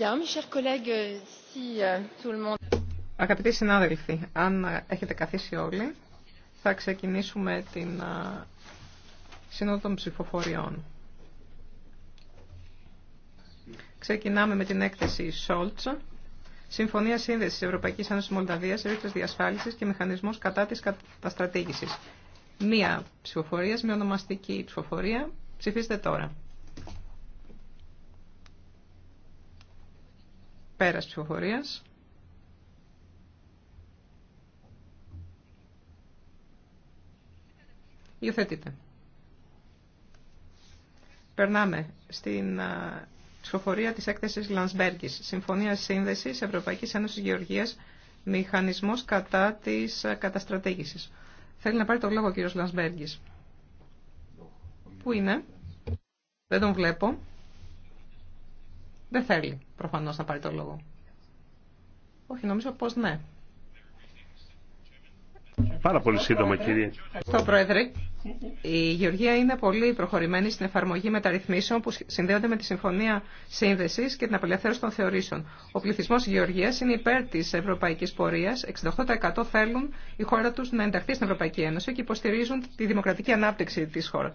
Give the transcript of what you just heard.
Euh, Αγαπητοί συνάδελφοι, αν ε, έχετε καθίσει όλοι, θα ξεκινήσουμε την ε, Σύνοδο των Ψηφοφοριών. Ξεκινάμε με την έκθεση Σόλτς. Συμφωνία Σύνδεσης Ευρωπαϊκής Ένωσης Μολδαβίας, Ρήτρες Διασφάλισης και Μηχανισμός κατά της καταστρατήγησης. Μία ψηφοφορία με ονομαστική ψηφοφορία. Ψηφίστε τώρα. Πέρας ψηφοφορίας. Υιοθετείτε. Περνάμε στην ψηφοφορία της έκθεσης Λανσμπέργκης. Συμφωνία Σύνδεσης Ευρωπαϊκής Ένωσης Γεωργίας Μηχανισμός κατά της καταστρατήγησης. Θέλει να πάρει το λόγο ο κύριος Λανσμπέργκης. Πού είναι? Δεν τον βλέπω. Δεν θέλει προφανώς να πάρει το λόγο. Όχι, νομίζω πως ναι. Πάρα πολύ σύντομα, κύριε. Στο Πρόεδρε. Η Γεωργία είναι πολύ προχωρημένη στην εφαρμογή μεταρρυθμίσεων που συνδέονται με τη Συμφωνία Σύνδεση και την απελευθέρωση των θεωρήσεων. Ο πληθυσμό Γεωργία είναι υπέρ τη ευρωπαϊκή πορεία. 68% θέλουν η χώρα του να ενταχθεί στην Ευρωπαϊκή Ένωση και υποστηρίζουν τη δημοκρατική ανάπτυξη τη χώρα.